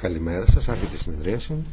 Καλημέρα σας, άρχεται η συνεδρίαση.